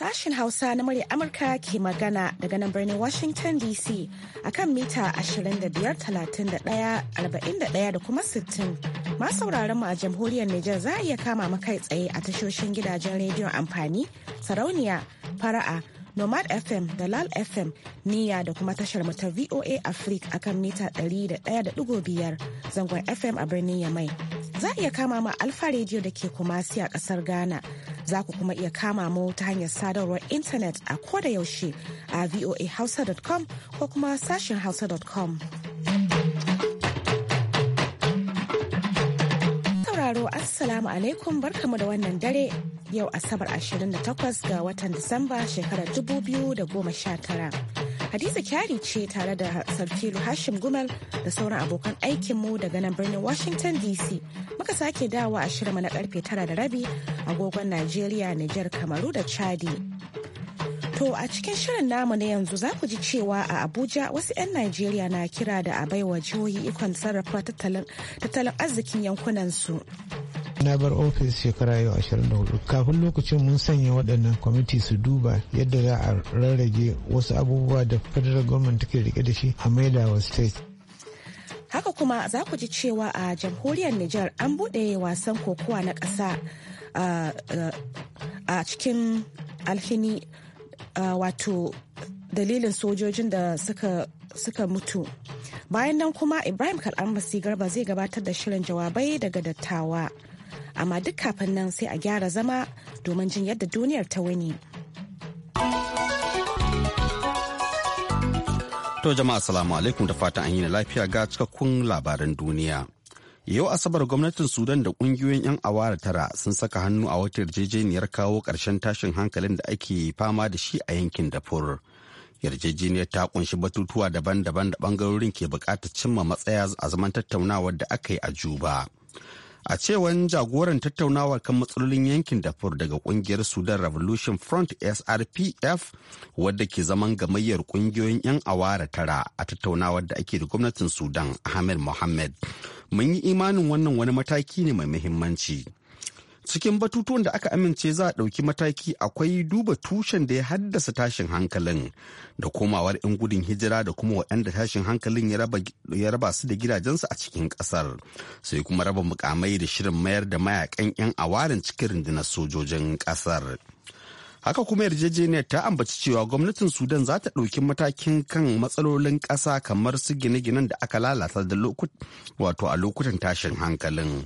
sashen Hausa na murya Amurka ke magana daga nan birnin Washington DC akan mita 25 41 da kuma 60. Masu mu a jamhuriyar Nijar za a iya kama kai tsaye a tashoshin gidajen rediyon amfani, sarauniya, fara'a, nomad fm da lal fm niya da kuma tashar mu ta voa africa akan mita 100.5 zangon fm a birnin yamai za a iya kama ma alfa radio da ke kumasi a kasar ghana za ku kuma iya kama mu ta hanyar sadarwar intanet a koda yaushe a voahausa.com ko kuma sashen hausa.com. sauraro Assalamu alaikum mu da wannan dare yau Asabar 28 ga watan Disamba shekarar 2019. Hadiza kyari ce tare da Sarfilu Hashim Gumal da sauran abokan aikinmu daga nan birnin Washington DC. Muka sake dawa a shirma na karfe tara da rabi agogon Najeriya, niger Kamaru da Chadi. To a cikin shirin namu na yanzu za ku ji cewa a Abuja wasu 'yan Najeriya na kira da a baiwa jihohi ikon sarrafa tattalin arzikin yankunansu. na bar ofis shekara yau 24 kafin lokacin mun sanya waɗannan kwamiti su duba yadda za a rarrage wasu abubuwa da federal government take rike da shi a maida state haka kuma za ku ji cewa a jamhuriyar nijar an buɗe wasan kokowa na ƙasa a cikin alhini wato dalilin sojojin da suka mutu bayan nan kuma ibrahim kal'amasi garba zai gabatar da shirin jawabai daga dattawa amma duk kafin nan sai a gyara zama domin jin yadda duniyar ta wani to jama'a salamu alaikum da fatan an yi lafiya ga cikakkun labaran duniya Yau Asabar gwamnatin Sudan da kungiyoyin 'yan awara tara sun saka hannu a wata yarjejeniyar kawo ƙarshen tashin hankalin da ake fama da shi a yankin dafur Yarjejeniyar ta kunshi batutuwa daban-daban da bangarorin ke bukatar cimma matsaya a zaman tattaunawar da aka yi a Juba. a cewar jagoran tattaunawa kan matsalolin yankin dafur daga kungiyar sudan revolution front srpf wadda ke zaman gamayyar kungiyoyin 'yan awara tara a tattaunawar da ake da gwamnatin sudan ahmed Mohamed, mun yi imanin wannan wani mataki ne mai muhimmanci cikin batutuwan da aka amince za a ɗauki mataki akwai duba tushen da ya haddasa tashin hankalin da komawar 'yan gudun hijira da kuma waɗanda tashin hankalin ya raba su da gidajensu a cikin ƙasar sai kuma raba mukamai da shirin mayar da mayakan 'yan awarin cikin rundunar sojojin ƙasar haka kuma yarjejeniyar ta ambaci cewa gwamnatin sudan za ta ɗauki matakin kan matsalolin ƙasa kamar su gine-ginen da aka lalata da wato a lokutan tashin hankalin.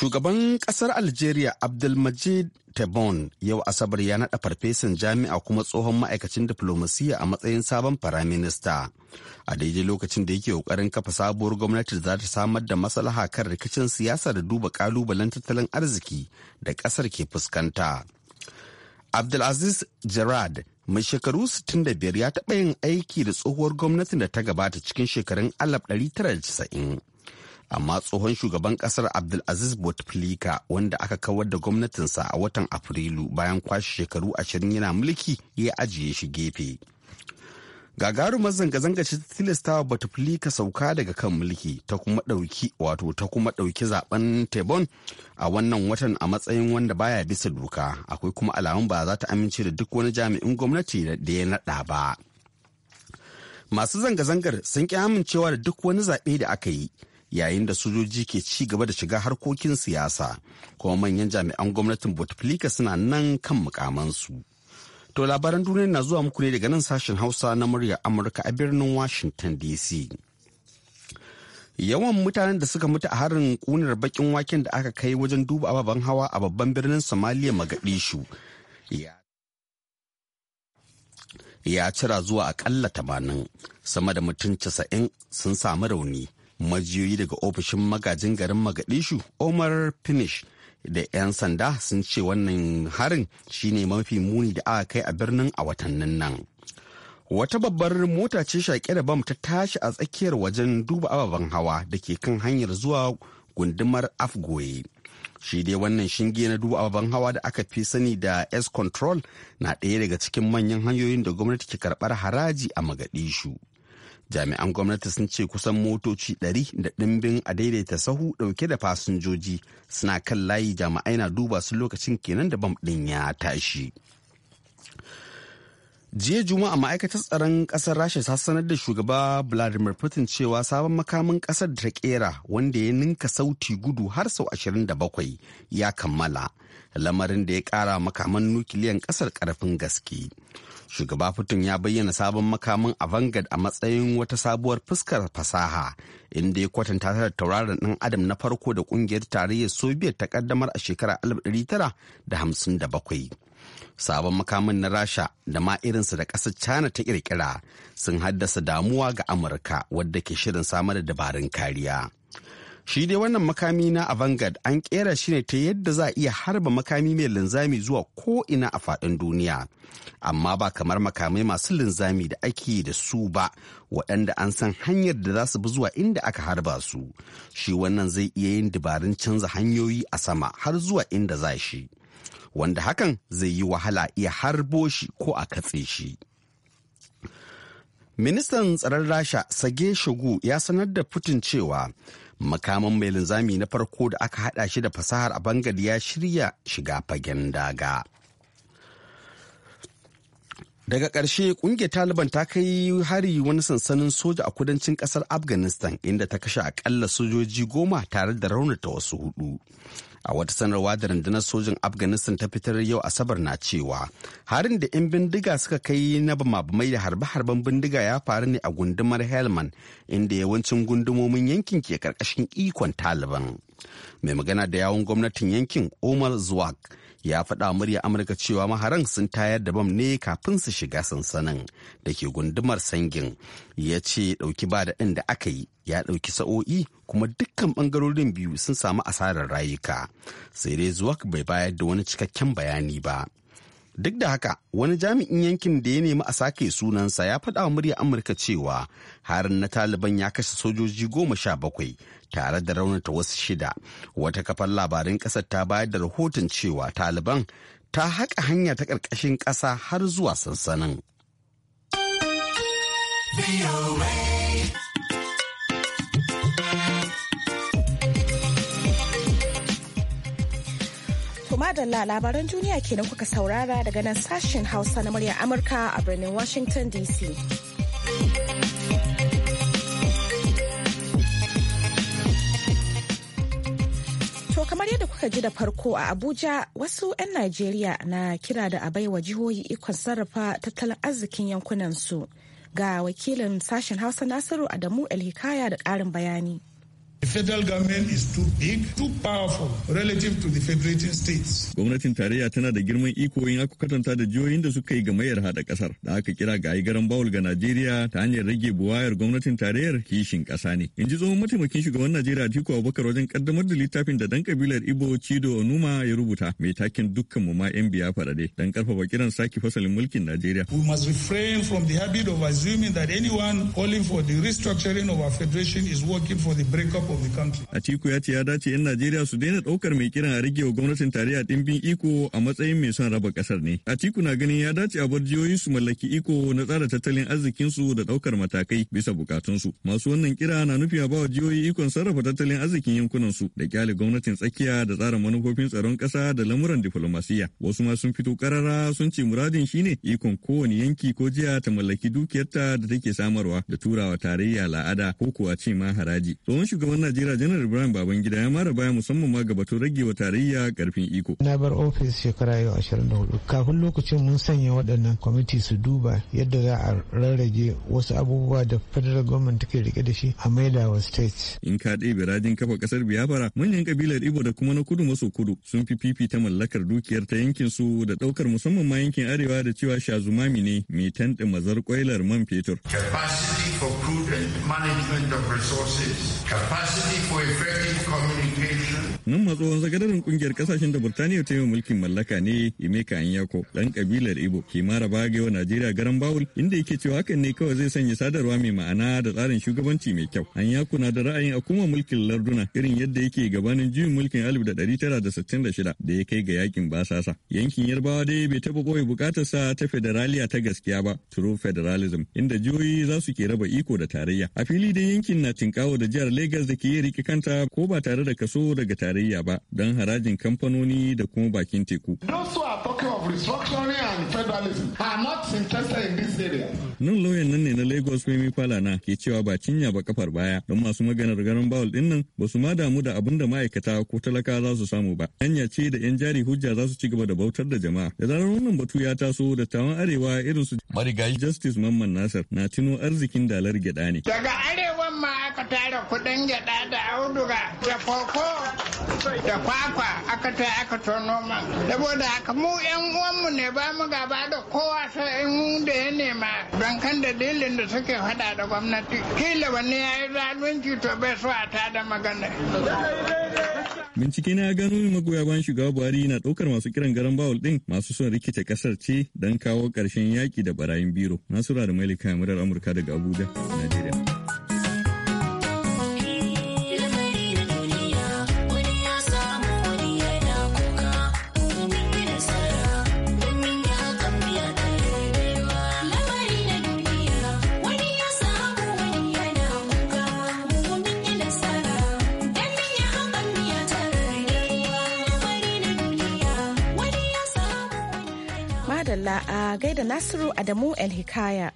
Shugaban ƙasar Algeria Abdelmajid Tebboune yau Asabar ya naɗa farfesan jami'a kuma tsohon ma'aikacin diflomasiyya a matsayin sabon firaminista. A daidai lokacin da yake ƙoƙarin kafa sabuwar gwamnati za ta samar da maslaha kan rikicin siyasa da duba ƙalubalen tattalin arziki da ƙasar ke fuskanta. Abdulaziz Gerard mai shekaru 65 ya taɓa yin aiki da tsohuwar gwamnatin da ta gabata cikin shekarun 1990. amma tsohon shugaban kasar abdulaziz bouteflika wanda aka kawar da gwamnatinsa a watan afrilu bayan kwashe shekaru ashirin yana mulki ya ajiye shi gefe gagarumar zanga-zanga ce ta tilastawa bouteflika sauka daga kan mulki ta kuma ɗauki wato ta kuma ɗauki zaben tebon a wannan watan a matsayin wanda baya bisa doka akwai kuma alamun ba za ta amince da duk wani jami'in gwamnati da ya naɗa ba masu zanga-zangar sun ƙi amincewa da duk wani zaɓe da aka yi yayin da sojoji ke ci gaba da shiga harkokin siyasa kuma manyan jami'an gwamnatin bouteflika suna nan kan mukamansu to labaran duniya na zuwa muku ne daga nan sashen hausa na murya amurka a birnin washington dc yawan mutanen da suka mutu a harin kunar bakin waken da aka kai wajen duba ababen hawa a babban birnin somalia magadishu ya cira zuwa akalla tamanin sama da mutum casa'in sun samu rauni majiyoyi daga ofishin magajin garin magadishu omar finish da 'yan sanda sun ce wannan harin shine mafi muni da aka kai a birnin a watannin nan wata babbar mota ce shaƙe da bam ta tashi a tsakiyar wajen duba ababen hawa da ke kan hanyar zuwa gundumar afgoye shi dai wannan shinge na duba ababen hawa da aka fi sani da s control na ɗaya daga cikin manyan hanyoyin da gwamnati ke karɓar haraji a magadishu jami'an gwamnati sun ce kusan motoci 100 da ɗimbin a daidaita sahu dauke da fasinjoji suna kan layi jami'ai na duba su lokacin kenan da bam ɗin ya tashi jiya juma'a ma'aikatar tsaron ƙasar rasha ta sanar da shugaba vladimir putin cewa sabon makamin ƙasar da ta kera wanda ya ninka sauti gudu har sau 27 ya kammala lamarin da ya ƙara makaman nukiliyan ƙasar ƙarfin gaske shugaba putin ya bayyana sabon makamin avangard a matsayin wata sabuwar fuskar fasaha inda ya kwatanta ta tauraron ɗan adam na farko da ƙungiyar tarayyar soviet ta ƙaddamar a shekarar 1957 sabon makamin na rasha da ma irinsa da ƙasar china ta ƙirƙira sun haddasa damuwa ga amurka wadda ke shirin samar da dabarun kariya Shi dai wannan makami na Avangard an kera shi ne ta yadda za a iya harba makami mai linzami zuwa ko ina a faɗin duniya. Amma ba kamar makamai masu linzami da ake da su ba waɗanda an san hanyar da za su bi zuwa inda aka harba su. Shi wannan zai iya yin dabarun canza hanyoyi a sama har zuwa inda za shi. Wanda hakan zai yi wahala iya harbo shi ko a katse shi. Ministan tsaron Rasha Sage shagu ya sanar da Putin cewa makaman mai linzami na farko da aka hada shi da fasahar a bangal ya shirya shiga fagen daga daga ƙarshe ƙungiyar taliban ta kai hari wani sansanin soja a kudancin ƙasar afghanistan inda ta kashe akalla sojoji goma tare da raunata wasu hudu a wata sanarwa da rundunar sojin afghanistan ta fitar yau asabar na cewa harin da 'yan bindiga suka kai na bamabamai da harbe-harben bindiga ya faru ne a gundumar helman inda yawancin gundumomin yankin ke karkashin ikon taliban mai magana da yawun gwamnatin yankin omar zuwak ya faɗa murya amurka cewa maharan sun tayar da bam ne kafin su shiga sansanin da ke gundumar sangin ya ce ɗauki ba da ɗin da aka yi ya ɗauki sa'o'i kuma dukkan ɓangarorin biyu sun samu asarar rayuka sai dai zuwak bai bayar da wani cikakken bayani ba duk da haka wani jami'in yankin da ya nemi a sake sunansa ya faɗa wa murya amurka cewa harin na taliban ya kashe sojoji goma sha bakwai tare da raunata wasu shida wata kafar labarin ƙasar ta bayar da rahoton cewa taliban ta haƙa hanya ta ƙarƙashin ƙasa har zuwa sansanin. madalla labaran duniya kenan kuka saurara daga nan sashen hausa na murya amurka a birnin washington dc ji da farko a Abuja wasu 'yan Najeriya na kira da a baiwa jihohi ikon sarrafa tattalin arzikin yankunansu. Ga wakilin sashen Hausa Nasiru Adamu Elhikaya da ƙarin bayani. The federal government is too big, too powerful relative to the federating states. Gwamnatin tarayya tana da girman iko in aka katanta da jihohin da suka yi gamayyar haɗa kasar da aka kira ga garan bawul ga Najeriya ta hanyar rage buwayar gwamnatin tarayyar kishin kasa ne. In ji tsohon mataimakin shugaban Najeriya Atiku Abubakar wajen kaddamar da littafin da dan kabilar Ibo Chido Onuma ya rubuta mai takin dukkan mu ma yan biya faɗaɗe, dan karfafa kiran saki fasalin mulkin Najeriya. We must refrain from the habit of assuming that anyone calling for the restructuring of our federation is working for the breakup Atiku ya ce ya dace 'yan Najeriya su daina ɗaukar mai kiran a rigewa gwamnatin tarayya ɗimbin iko a matsayin mai son raba ƙasar ne. Atiku na ganin ya dace a bar jihohi su mallaki iko na tsara tattalin arzikinsu da ɗaukar matakai bisa su Masu wannan kira na nufin a ba wa jihohi ikon sarrafa tattalin arzikin yankunansu da kyale gwamnatin tsakiya da tsara manufofin tsaron ƙasa da lamuran diflomasiyya. Wasu ma sun fito ƙarara sun ce muradin shine ikon kowane yanki ko jiya ta mallaki dukiyarta da take samarwa da turawa tarayya la'ada ko kuwa ce ma haraji. Tsohon shugaban shugaban najeriya janar ibrahim babangida ya mara baya musamman ma ga gabatun rage wa tarayya karfin iko na bar ofis shekara yau ashirin hudu kafin lokacin mun sanya waɗannan kwamiti su duba yadda za a rarrage wasu abubuwa da federal government take rike da shi a maida wa state in ka ɗebe birajin kafa ƙasar biafra manyan kabilar ibo da kuma na kudu maso kudu sun fi fifi ta mallakar dukiyar ta yankin su da ɗaukar musamman ma yankin arewa da cewa shazumami ne mai tanɗe mazar ƙwailar man fetur. for prudent management of resources, capacity for effective communication. Nan matso zagadarin kungiyar kasashen da Burtaniya ta yi mulkin mallaka ne Emeka Anyako, ɗan kabilar Igbo, ke mara Bagewa Najeriya garan Bawul, inda yake cewa hakan ne kawai zai sanya sadarwa mai ma'ana da tsarin shugabanci mai kyau. Anyako na da ra'ayin a kuma mulkin larduna irin yadda yake gabanin juyin mulkin 1966 da ya kai ga yakin basasa. Yankin Yarbawa dai bai taɓa ɓoye sa ta federaliya ta gaskiya ba, true federalism, inda jihohi za su ke raba iko da tarayya a fili da yankin na tinkawa da jihar lagos da ke rike kanta ko ba tare da kaso daga tarayya ba don harajin kamfanoni da kuma bakin teku. Nan lauyan nan ne na Lagos Femi Falana ke cewa ba cinya ba kafar baya don masu maganar garin bawul din nan ba su ma damu da abin da ma'aikata ko talaka za su samu ba. Hanya ce da 'yan jari hujja za su ci gaba da bautar da jama'a. Da zarar wannan batu ya taso da tawan arewa irin su Marigayi Justice Mamman Nasar na tuno arzikin da dalar gyada ne. Daga arewan ma aka tara kuɗin gyada da auduga da koko da kwakwa aka ta aka tono saboda haka mu yan uwan mu ne ba mu gaba da kowa sai in da ya nema don kan dalilin da suke fada da gwamnati kila wani ya yi zalunci to bai so a ta da magana bincike na gano magoya bayan shugaba buhari na ɗaukar masu kiran garan bawul ɗin masu son rikice ƙasar ce don kawo ƙarshen yaƙi da barayin biro nasura da mailika murar amurka daga abuja najeriya madalla a gaida Nasiru Adamu El Hikaya.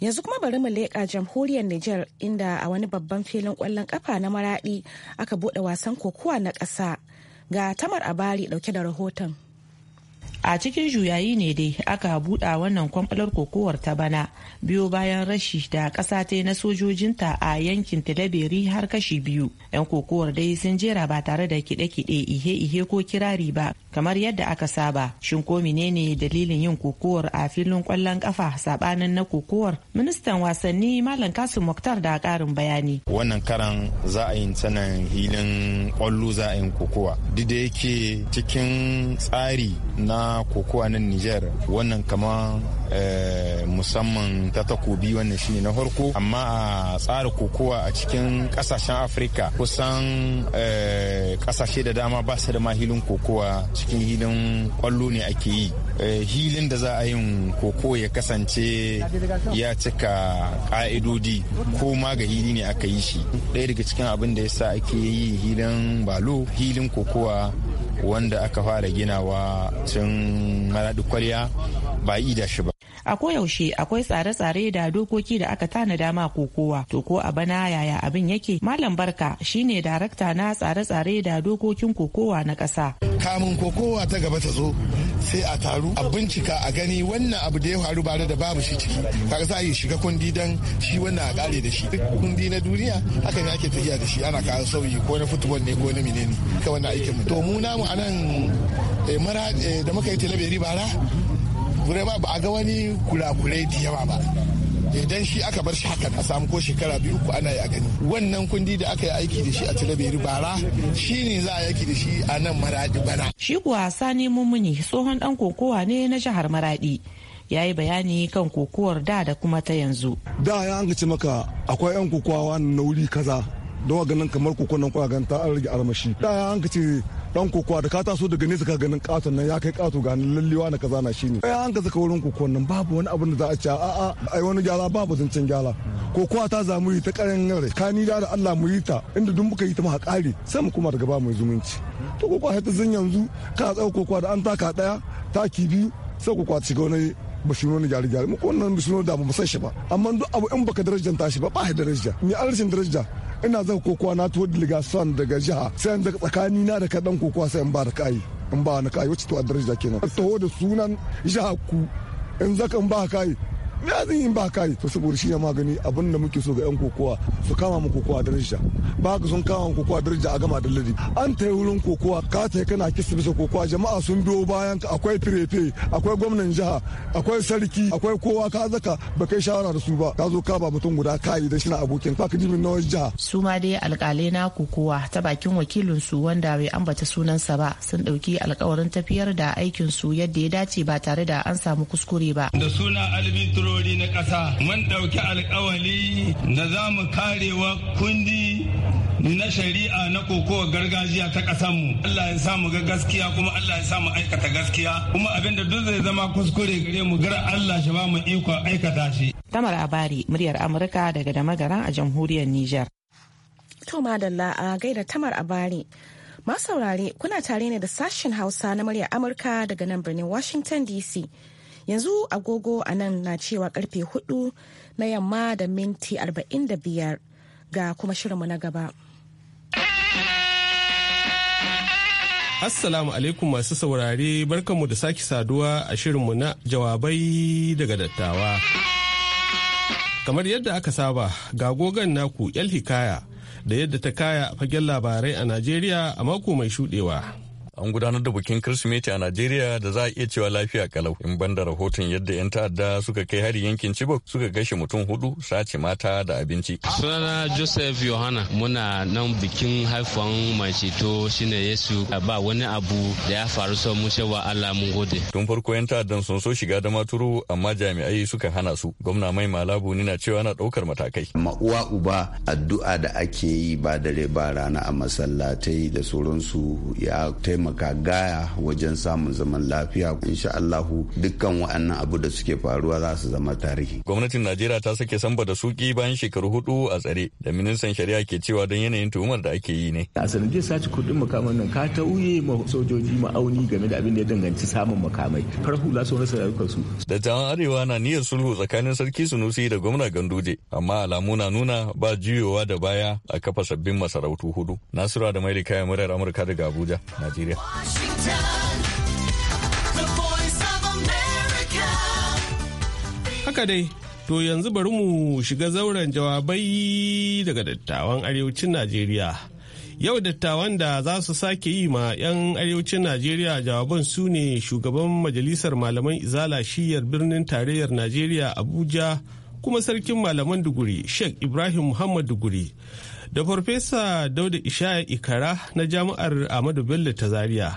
Yanzu kuma bari mu leƙa jamhuriyar Nijar inda a wani babban filin ƙwallon ƙafa na maraɗi aka buɗe wasan kokowa na ƙasa. Ga Tamar Abari ɗauke da rahoton. a cikin juyayi ne dai aka buɗa wannan kwamfalar kokowar ta bana biyo bayan rashi da ƙasa ta na sojojinta a yankin talabiri har kashi biyu yan kokowar dai sun jera ba tare da kiɗe-kiɗe ihe-ihe ko kirari ba kamar yadda aka saba shin ko menene dalilin yin kokowar a filin kwallon kafa sabanin na kokowar ministan wasanni malam kasu muktar da karin bayani wannan karan za a yi sanan hilin kwallo za a yi kokowa duk da yake cikin tsari na na kokowa nan Nijar wannan kama eh, musamman ta takobi wannan shine na farko amma a tsara kokowa a cikin kasashen Afirka kusan kasashe eh, da dama ba su da ma hilin kokowa cikin hilin kwallo ne ake yi eh, hilin da za a yin koko ya kasance ya cika ka'idodi ko ma ga hili ne aka yi shi ɗaya daga cikin abin da ya sa ake yi hilin balo hilin kokowa wanda aka fara ginawa tun maradi kwalliya ba yi da shi ba a koyaushe akwai tsare-tsare da dokoki da aka tanada ma kokowa to ko a bana yaya abin yake malam barka shine darakta na tsare-tsare da dokokin kokowa na ƙasa kamun kokowa ta gaba ta zo sai a taru a bincika a gani wannan abu da ya faru ba da babu shi ciki kaga za a yi shiga kundi dan shi wannan a kare da shi duk kundi na duniya haka ne ake tafiya da shi ana kawo sauyi ko na football ne ko na menene ka wannan aikin mu to mu namu anan eh, eh, da muka yi talabiri bara kurakurai ba ba a ga wani kurakurai da yawa ba idan shi aka bar shi hakan a samu ko shekara biyu uku ana yi a gani wannan kundi da aka yi aiki da shi a talabiri bara shi ne za a yaki da shi a nan maradi bana shi kuwa sani mummuni tsohon dan kokowa ne na jihar maradi ya yi bayani kan kokowar da da kuma ta yanzu da ya an maka akwai yan kokowa na wuri kaza don ganin kamar kokon nan kwa ta an rage armashi da ya an dan kokowa da ka taso daga nesa ka ganin katon nan ya kai kato ga lallewa na kaza na shine ai eh, an gaza ka wurin kokon nan babu wani abin da za a a a ai wani gyara babu zancen gyara kokowa ta zamu yi ta karen rai ni da Allah mu yi ta inda dun muka yi ta ma kare sai mu kuma daga ba mu zumunci to kokowa ta zan yanzu ka tsau kokowa da an taka daya taki biyu sai kokowa ta shiga wani ba shi wani gyare gyare muku wannan ba da ba san shi ba amma duk abu in baka darajanta shi ba ba daraja ni an rashin daraja ina zaka kokowa na tuwo son daga jiha sai an daga tsakani na da kaɗan kokowa sai in ba da kayi in ba na kayi wacce to a daraja kenan taho da sunan jiha ku in zaka in ba kayi me zan yi ba kai to saboda shi ne magani abin da muke so ga yan kokowa su kama mu kokowa daraja ba ka sun kama mu kokowa daraja a gama da ladi an tayi wurin kokowa ka ta kana kisa bisa kokowa jama'a sun biyo bayan ka akwai firefe akwai gwamnan jiha akwai sarki akwai kowa ka zaka ba kai shawara da su ba ka zo ka ba mutum guda kai da shi na abokin ka ji min nawa jiha su ma dai alƙalai na kokowa ta bakin wakilin su wanda bai ambata sunan sa ba sun ɗauki alƙawarin tafiyar da aikin su yadda ya dace ba tare da an samu kuskure ba da suna albi bangarori na ƙasa mun ɗauki alkawali da za mu karewa kundi na shari'a na kokowa gargajiya ta ƙasanmu Allah ya sa mu ga gaskiya kuma Allah ya sa mu aikata gaskiya kuma abin duk zai zama kuskure gare mu gara Allah shi ba mu iko aikata shi Tamar Abari muryar Amurka daga damagara a jamhuriyar Niger To madalla a gaida Tamar Abari masaurare kuna tare ne da sashen Hausa na muryar Amurka daga nan birnin Washington DC yanzu agogo a nan na cewa karfe hudu na yamma da minti 45 ga kuma shirinmu na gaba. Assalamu alaikum masu saurare barkanmu da sake saduwa a shirinmu na jawabai daga dattawa. Kamar yadda aka saba ga gogon naku 'yar Hikaya da yadda ta kaya fagen labarai a Najeriya a mako mai shudewa. an gudanar da bukin kirsimeti a najeriya da za a iya cewa lafiya kalau in banda rahoton yadda 'yan ta'adda suka kai hari yankin chibok suka gashe mutum hudu sace mata da abinci sunana joseph yohana muna nan bikin haifan mai ceto shine yesu ba wani abu da ya faru son mu cewa allah mun gode tun farko 'yan ta'addan sun so shiga da maturu amma jami'ai suka hana su gwamna mai malabu na cewa na daukar matakai ma'uwa uba addu'a da ake yi ba dare ba rana a masallatai da sauransu ya taimaka taimaka gaya wajen samun zaman lafiya insha Allahu dukkan wa'annan abu da suke faruwa za su zama tarihi. Gwamnatin Najeriya ta sake samba da suki bayan shekaru hudu a tsare da ministan shari'a ke cewa don yanayin tuhumar da ake yi ne. A sanadiyar sace kuɗin makaman nan ka tauye ma sojoji ma'auni game da abin da ya danganci samun makamai. hula sun rasa rayukansu. Dattawan Arewa na niyyar sulhu tsakanin Sarki Sunusi da gwamna Ganduje amma alamu na nuna ba juyowa da baya a kafa sabbin masarautu hudu. Nasiru da Maili kayan murar Amurka daga Abuja, Najeriya. Haka dai, to yanzu bari mu shiga zauren jawabai daga dattawan arewacin Najeriya. Yau dattawan da za su sake yi ma 'yan arewacin Najeriya jawaban su ne shugaban majalisar malaman izala shiyar birnin tarayyar Najeriya Abuja kuma sarkin malaman duguri Sheikh Ibrahim Muhammad duguri. da farfesa dauda ishaya ikara na jami'ar Amadu bello ta zaria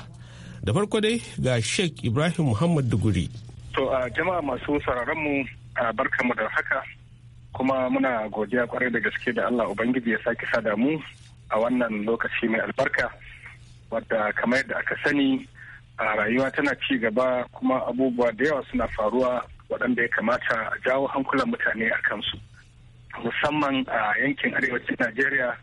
da farko dai ga sheikh ibrahim muhammad duguri to a jama'a masu mu a mu da haka kuma muna godiya kwarai da gaske da allah ubangiji ya sake sada mu a wannan lokaci mai albarka wadda kamar yadda aka sani a rayuwa tana ci gaba kuma abubuwa da yawa suna faruwa waɗanda ya kamata a jawo hankulan mutane a kansu musamman a yankin arewacin najeriya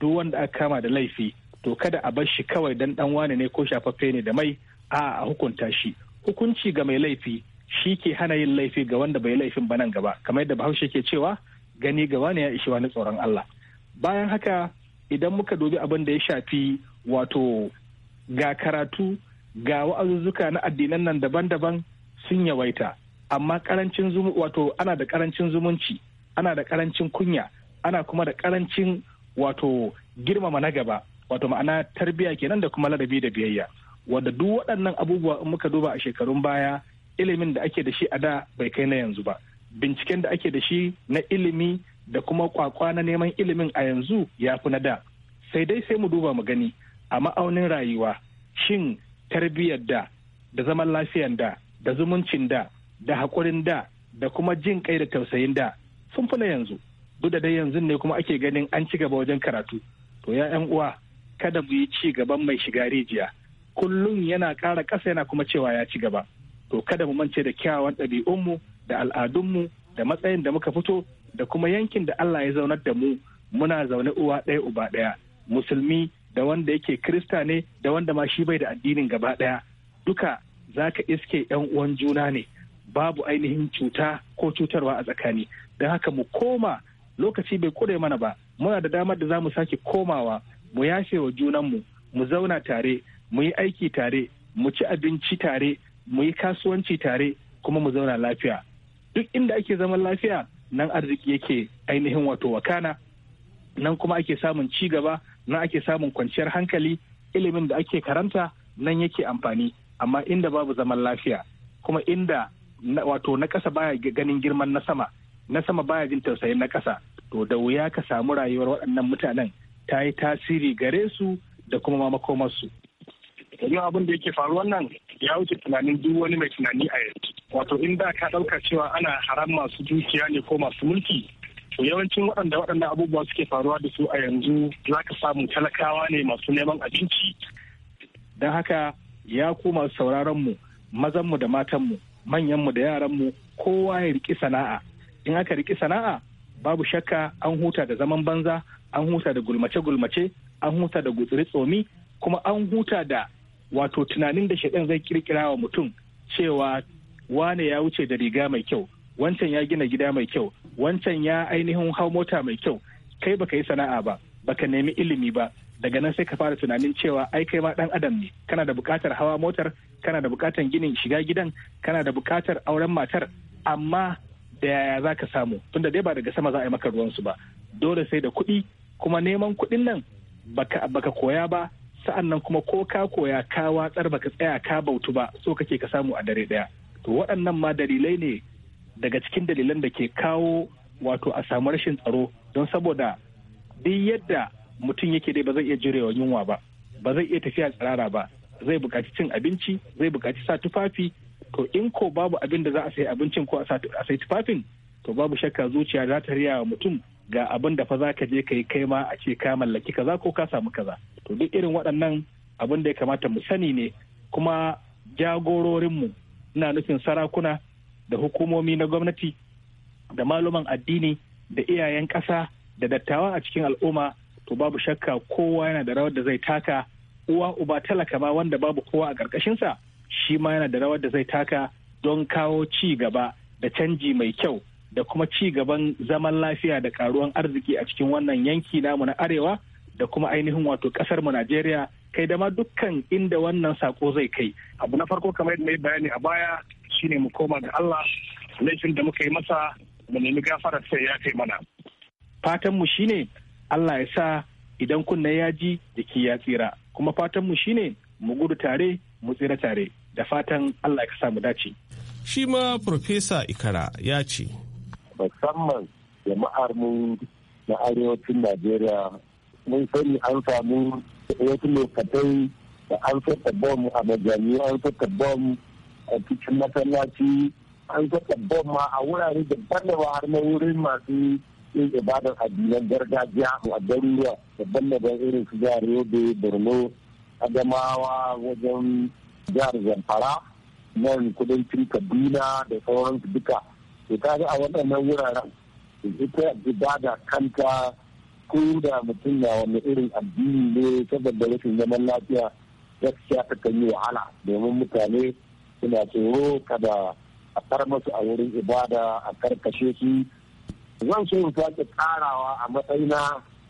duk wanda aka kama da laifi to kada a bar shi kawai dan dan wane ne ko shafaffe ne da mai a a hukunta shi hukunci ga mai laifi shi ke hana yin laifi ga wanda bai laifin ba nan gaba kamar yadda bahaushe ke cewa gani ga ne ya ishi wani tsoron Allah bayan haka idan muka dubi abin da ya shafi wato ga karatu ga wa'azuzzuka na addinan nan daban-daban sun yawaita amma karancin wato ana da karancin zumunci ana da karancin kunya ana kuma da karancin wato girmama na gaba wato ma'ana tarbiyya kenan da kuma ladabi da biyayya wanda duk waɗannan abubuwa in muka duba a shekarun baya ilimin da ake da shi a da bai kai na yanzu ba binciken da ake da shi na ilimi da kuma kwakwa na neman ilimin a yanzu ya fi na da sai dai sai mu duba mu gani a ma'aunin rayuwa shin tarbiyyar da da zaman lafiyar da da zumuncin da da haƙurin da da kuma jin kai da tausayin da sun yanzu duk da dai yanzu ne kuma ake ganin an ci gaba wajen karatu to ya yan uwa kada mu yi ci gaban mai shiga rijiya kullum yana ƙara ƙasa yana kuma cewa ya ci gaba to kada mu mance da kyawawan ɗabi'unmu da al'adunmu da matsayin da muka fito da kuma yankin da Allah ya zaunar da mu muna zaune uwa ɗaya uba ɗaya musulmi da wanda yake krista ne da wanda ma shi bai da addinin gaba ɗaya duka za ka iske yan uwan juna ne babu ainihin cuta ko cutarwa a tsakani da haka mu koma lokaci bai kure mana ba muna da damar da za mu sake komawa mu yashe wa junanmu mu zauna tare mu yi aiki tare mu ci abinci tare mu yi kasuwanci tare kuma mu zauna lafiya duk inda ake zaman lafiya nan arziki yake ainihin wato wakana nan kuma ake samun ci gaba nan ake samun kwanciyar hankali ilimin da ake karanta nan yake amfani amma inda babu zaman lafiya kuma inda wato na ƙasa baya ganin girman na sama na sama baya jin tausayin na ƙasa to da wuya ka samu rayuwar waɗannan mutanen ta yi tasiri gare su da kuma ma makomarsu. Yau abin da yake faruwan nan ya wuce tunanin duk wani mai tunani a yanzu. Wato in da ka ɗauka cewa ana haram masu dukiya ne ko masu mulki to yawancin waɗanda waɗannan abubuwa suke faruwa da su a yanzu za ka samu talakawa ne masu neman abinci. Don haka ya ku masu sauraron mu mazanmu da matanmu manyanmu da yaranmu kowa ya riƙi sana'a in aka riki sana'a babu shakka an huta da zaman banza an huta da gulmace-gulmace an huta da gutsiri tsomi kuma an huta da wato tunanin da shaɗan zai kirkira wa mutum cewa wane ya wuce da riga mai kyau wancan ya gina gida mai kyau wancan ya ainihin hau mota mai kyau kai baka yi sana'a ba baka nemi ilimi ba daga nan sai ka fara tunanin cewa ai kai ma dan adam ne kana da bukatar hawa motar kana da bukatar ginin shiga gidan kana da bukatar auren matar amma da yaya za ka samu tunda dai ba daga sama za a yi maka ruwansu ba dole sai da kuɗi kuma neman kuɗin nan baka, koya ba sa'an nan kuma ko ka koya ka watsar baka tsaya ka bautu ba so kake ka samu a dare ɗaya to waɗannan ma dalilai ne daga cikin dalilan da ke kawo wato a samu rashin tsaro don saboda duk yadda mutum yake dai ba zai iya jurewa yunwa ba ba zai iya tafiya tsirara ba zai buƙaci cin abinci zai buƙaci sa tufafi to in ko babu abin da za a sayi abincin ko a sayi tufafin to babu shakka zuciya za ta riya wa mutum ga abin da fa za ka je ka yi kai ma a ce ka mallaki kaza ko ka samu kaza to duk irin waɗannan abin da ya kamata mu sani ne kuma jagororinmu ina nufin sarakuna da hukumomi na gwamnati da maluman addini da iyayen ƙasa da dattawa a cikin al'umma to babu shakka kowa yana da rawar da zai taka uwa uba talaka ma wanda babu kowa a ƙarƙashinsa shi ma yana da rawar da zai taka don kawo ci gaba da canji mai kyau da kuma ci gaban zaman lafiya da karuwan arziki a cikin wannan yanki namu na arewa da kuma ainihin wato kasar mu Najeriya kai da ma dukkan inda wannan sako zai kai abu na farko kamar yadda mai bayani a baya shine mu koma ga Allah laifin da muka yi masa mu nemi gafarar sai ya kai mana fatan mu shine Allah ya sa idan kunna ya ji jiki ya tsira kuma fatan mu shine mu gudu tare mu tsira tare da fatan Allah ya samu dace. Shi ma Profesa Ikara ya ce. Musamman jama'ar mu na arewacin Najeriya mun sani an samu wasu lokatai da an saka bom a majami an saka bom a cikin masallaci an saka bom ma a wurare da daban har na wurin masu yin ibadar addinan gargajiya a garuruwa daban-daban irin su jihar Yobe, Borno, adamawa wajen jihar zamfara nan kudancin kaduna da sauransu duka to ta a waɗannan wuraren ita ibada kanta ko da mutum na wani irin addini ne saboda rashin zaman lafiya gaskiya ta kan yi wahala domin mutane suna tsoro kada a far masu a wurin ibada a karkashe su zan so in sake karawa a matsayina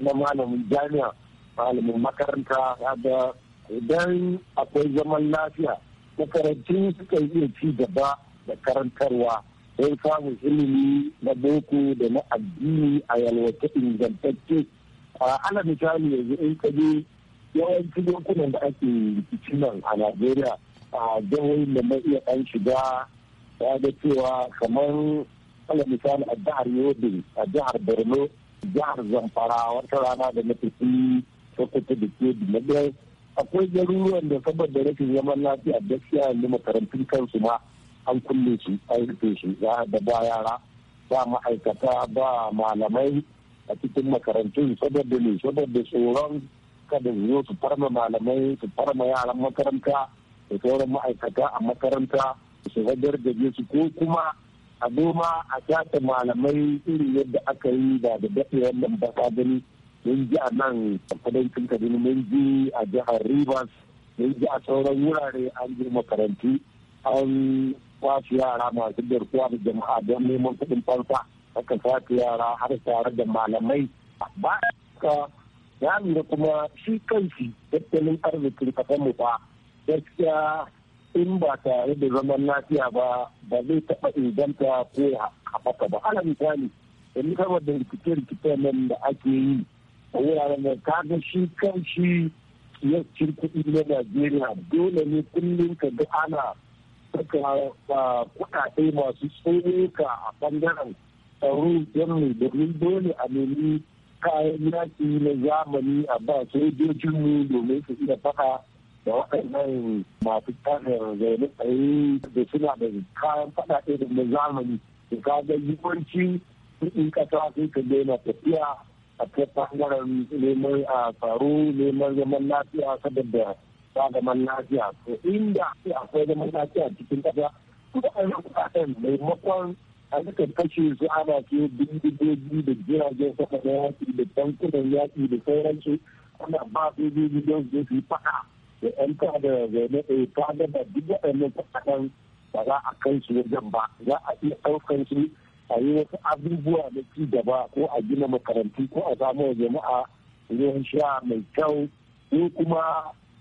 na malamin jami'a malamin makaranta ga idan akwai zaman lafiya makarantun suka iya ci gaba da karantarwa don samun ilimi na boko da na addini a yalwata ingantacce ala misali yanzu in ka je yawancin yankunan da ake rikici a najeriya a jihohin da mai iya ɗan shiga ya ga cewa kamar ala misali a jihar yobe a jihar borno jihar zamfara wata rana da na fi sokoto da ke dumadai akwai garuruwan da saboda rashin zaman lafiya gaskiya yanzu makarantun kansu ma an kulle su an rufe su da ba yara ba ma'aikata ba malamai a cikin makarantun saboda ne saboda tsoron kada su zo su farma malamai su farma yaran makaranta da sauran ma'aikata a makaranta su hadar da su ko kuma a goma a shata malamai irin yadda aka yi da da daɗewar nan ba gani mun ji a nan kudancin kaduna mun ji a jihar rivers mun ji a sauran wurare an ji makarantu an kwasu yara masu garkuwa da jama'a don neman kuɗin fansa aka sace yara har tare da malamai ba ka ya lura kuma shi kanshi tattalin arzikin kasan mu fa gaskiya in ba tare da zaman lafiya ba ba zai taɓa inganta ko haɓaka ba ala misali in saboda rikice-rikice nan da ake yi a wuraren mai kaga shi kan shi cikin kuɗi na najeriya dole ne kullum ka ga ana saka ah, kuɗaɗe masu ka a ɓangaren tsaro mai domin dole a nemi kayan yaki na zamani a ba sojojinmu domin su iya faɗa da waɗannan masu tsarin zaune tsaye da suna da kayan faɗaɗe da na zamani da kaga yawanci kuɗin ƙasa sai ka daina tafiya a ta bangaren neman a faru neman zaman lafiya saboda ba zaman lafiya to inda akwai zaman lafiya cikin ƙasa kuma a yi kuɗaɗen maimakon a duka kashe su ana ce bindigogi da jiragen sama da yaƙi da tankunan yaƙi da sauransu ana ba sojoji don su yi faɗa da yan kada da na ɗaya eh, da duk waɗannan kuɗaɗen ba za a kai su wajen ba za a iya ɗaukar su a yi wasu abubuwa na ci gaba ko a gina makarantu ko a samu jama'a ruwan sha mai kyau ko kuma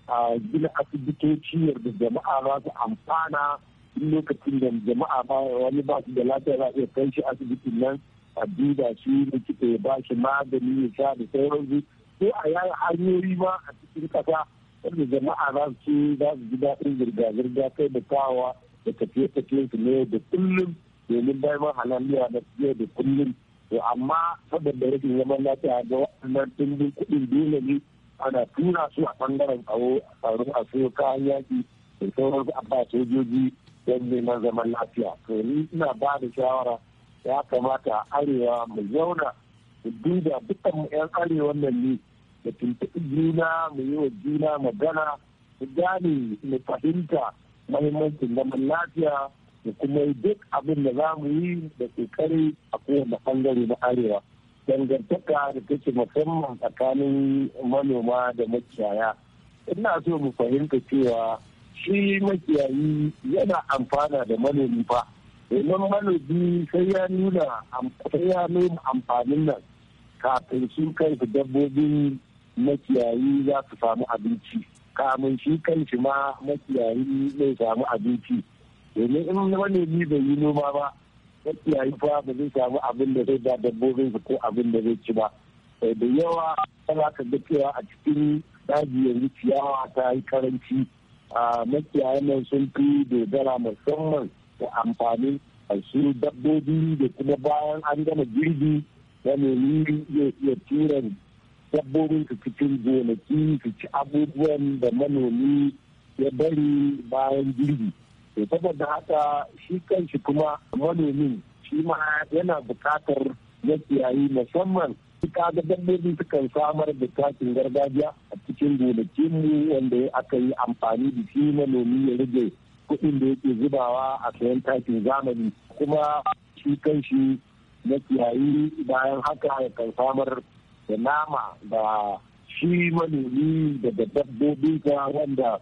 a gina asibitoci yadda jama'a za su amfana lokacin da jama'a ba wani ba su da lafiya za iya kai shi asibitin nan a duba shi likita ya ba shi magani ya sha da sauransu ko a yaya hanyoyi ma a cikin kasa wanda jama'a za su za su ji daɗin zirga-zirga kai da kawa da tafiye tafiye su ne da kullum domin neman halayya da fiye da kullum to amma saboda rashin zaman lafiya ga waɗannan tundun kuɗin dole ne ana tura su a bangaren tsaro tsaron a siyo kayan yaki da sauran a ba sojoji don neman zaman lafiya to ni ina ba da shawara ya kamata arewa mu zauna mu duba dukkan yan arewa nan ne da tuntuɓi juna mu yi wa juna magana mu gane mu fahimta mahimmancin zaman lafiya da kuma duk abin da za mu yi da kokari a kowane bangare na arewa dangantaka da take musamman tsakanin manoma da makiyaya ina so mu fahimta cewa shi makiyayi yana amfana da manomi fa domin manomi sai ya nuna sai ya nuna amfanin nan kafin shi su dabbobin makiyayi za su samu abinci kamun shi shi ma makiyayi zai samu abinci domin in manomi bai yi noma ba gaskiya yi fa ba zai samu abin da zai da dabbobin ko abin da zai ci ba da yawa za ka ga cewa a cikin daji yanzu ciyawa ta yi karanci a makiyayen nan sun fi dogara musamman da amfani a su dabbobi da kuma bayan an gama girbi manomi zai iya tura dabbobin su cikin gonaki su ci abubuwan da manomi ya bari bayan girbi. to saboda haka shi kanshi kuma manomin shi ma yana bukatar ya kiyayi musamman ga dabbobi sukan samar da takin gargajiya a cikin gonakinmu wanda aka yi amfani da shi manomi ya rage kuɗin da yake zubawa a sayan takin zamani kuma shi kanshi na kiyayi bayan haka ya kan samar da nama da shi manomi daga dabbobinsa wanda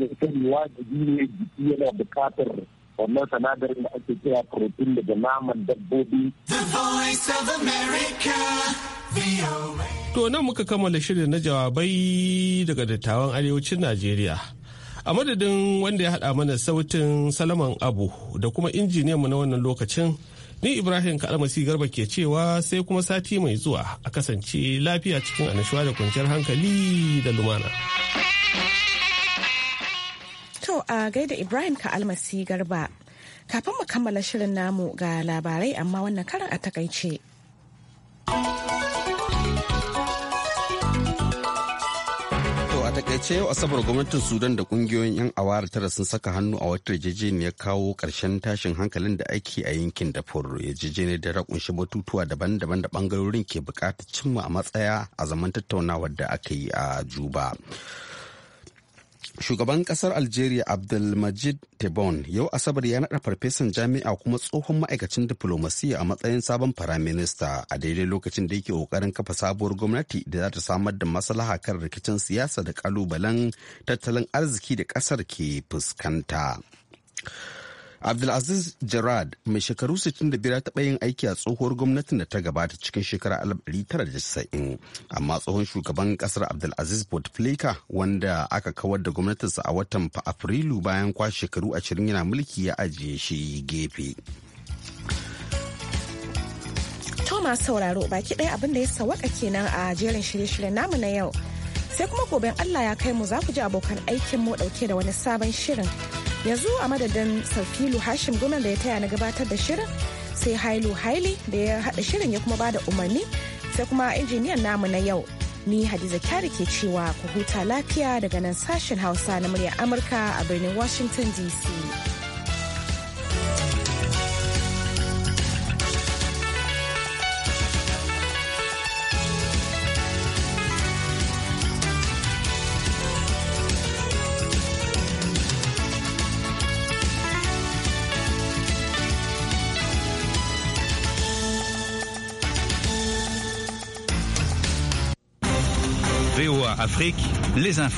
da wajibi ne jiki yana bukatar wannan sanadarin da ake kira protein daga naman dabbobi. To nan muka kammala shirin na jawabai daga dattawan arewacin Najeriya. A madadin wanda ya haɗa mana sautin Salaman Abu da kuma mu na wannan lokacin, ni Ibrahim Kalmasi Garba ke cewa sai kuma sati mai zuwa a kasance lafiya cikin annashuwa da kwanciyar hankali da lumana. To a gaida Ibrahim ka almasi garba. Kafin mu kammala shirin namu ga labarai amma wannan karan a takaice. a takaice yau asabar gwamnatin sudan da kungiyoyin 'yan awara tara sun saka hannu a wata yarjejeniyar kawo karshen tashin hankalin da ake a yankin dafur yarjejeniyar da rakunshi batutuwa daban-daban da bangarorin ke bukatar cimma a matsaya a zaman tattaunawar da aka yi a juba Shugaban kasar Algeria abdulmajid tebon yau Asabar ya naɗa farfesan jami'a kuma tsohon ma'aikacin diflomasiyya a matsayin sabon firaminista a daidai lokacin da yake ƙoƙarin kafa sabuwar gwamnati da za ta samar da maslaha kan rikicin siyasa da ƙalubalen tattalin arziki da ƙasar ke fuskanta. abdulaziz gerard mai shekaru 65 ya taɓa yin aiki a tsohuwar gwamnatin da ta gabata cikin shekara 1990 amma tsohon shugaban kasar abdulaziz bouteflika wanda aka kawar da gwamnatinsa a watan afrilu bayan kwa shekaru 20 yana mulki ya ajiye shi gefe tomas sauraro baki ɗaya abin da ya sawaka kenan a jerin shirye-shiryen namu na yau sai kuma goben allah ya kai mu za ku ji abokan aikin mu ɗauke da wani sabon shirin yanzu a madadin safilu hashim gomen da ya taya na gabatar da shirin sai hailu haili da ya haɗa shirin ya kuma ba da umarni sai kuma injiniyan namu na yau ni hadiza kyari ke cewa ku huta lafiya daga nan sashen hausa na muryar amurka a birnin washington dc Afrique, les infos.